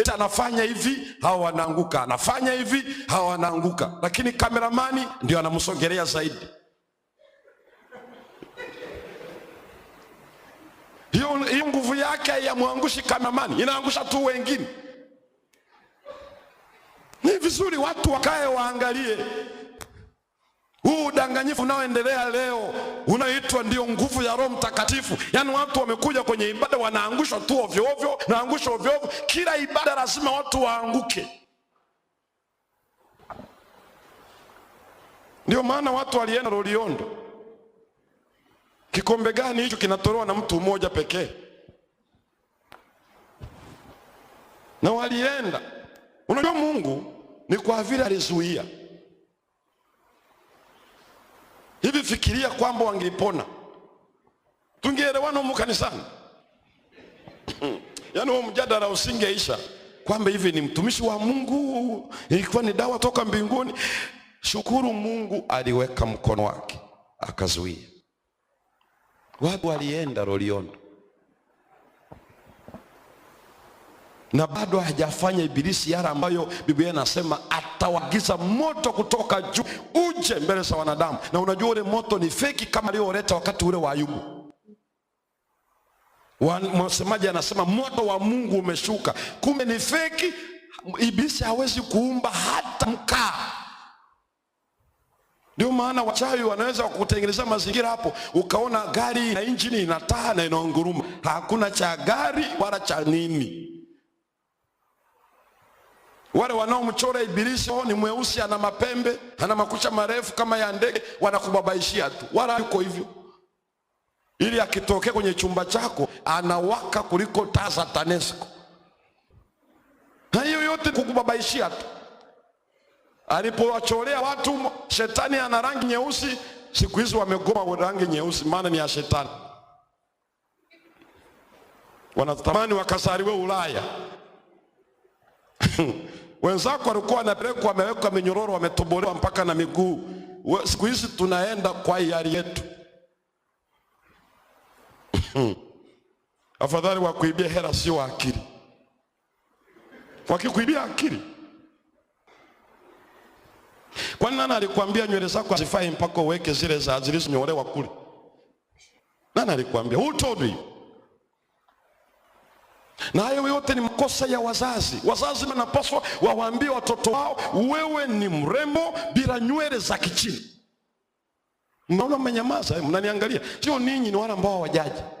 eti anafanya hivi hao wanaanguka, anafanya hivi hao wanaanguka, lakini kameramani ndio anamsogelea zaidi. Hiyo nguvu yake haimwangushi kameramani, inaangusha tu wengine. Ni vizuri watu wakae waangalie huu udanganyifu unaoendelea leo unaitwa ndio nguvu ya Roho Mtakatifu. Yaani watu wamekuja kwenye ibada wanaangushwa tu ovyo ovyo, naangushwa ovyo ovyo. Kila ibada lazima watu waanguke. Ndio maana watu walienda Loliondo. Kikombe gani hicho kinatolewa na mtu mmoja pekee? Na walienda. Unajua Mungu ni kwa vile alizuia Hivi fikiria kwamba wangelipona, tungeelewana humu kanisani hmm. yaani huo mjadala usingeisha, kwamba hivi ni mtumishi wa Mungu, ilikuwa ni dawa toka mbinguni. Shukuru Mungu aliweka mkono wake akazuia. Watu walienda Loliondo na bado hajafanya Ibilisi yale ambayo Biblia inasema atawagiza moto kutoka juu uje mbele za wanadamu. Na unajua ule moto ni feki kama aliyoleta wakati ule wa Ayubu. Msemaji anasema moto wa Mungu umeshuka, kumbe ni feki. Ibilisi hawezi kuumba hata mkaa. Ndio maana wachawi wanaweza kutengeneza mazingira hapo, ukaona gari na injini ina taa na inaunguruma, hakuna cha gari wala cha nini wale wanaomchora Ibilisi ni mweusi, ana mapembe, ana makucha marefu kama ya ndege, wanakubabaishia tu, wala yuko hivyo, ili akitokea kwenye chumba chako anawaka kuliko taa za TANESCO. Na hiyo yote kukubabaishia tu. Alipowachorea watu shetani ana rangi nyeusi, siku hizi wamegoma rangi nyeusi, maana ni ya shetani. Wanatamani wakasariwe Ulaya. wenzako walikuwa wanapelekwa, wamewekwa minyororo, wametobolewa mpaka na miguu. Siku hizi tunaenda kwa hiari yetu. Afadhali wakuibia hela, sio wa akili. Wakikuibia akili, kwani nani alikwambia nywele zako hazifai mpaka uweke zile za zilizonyolewa kule? Nani alikwambia? Who told you? na hayo yote ni makosa ya wazazi. Wazazi wanapaswa wawaambie watoto wao, wewe ni mrembo bila nywele za kichini. Mnaona mmenyamaza, eh? mnaniangalia. Sio ninyi, ni wale ambao hawajaji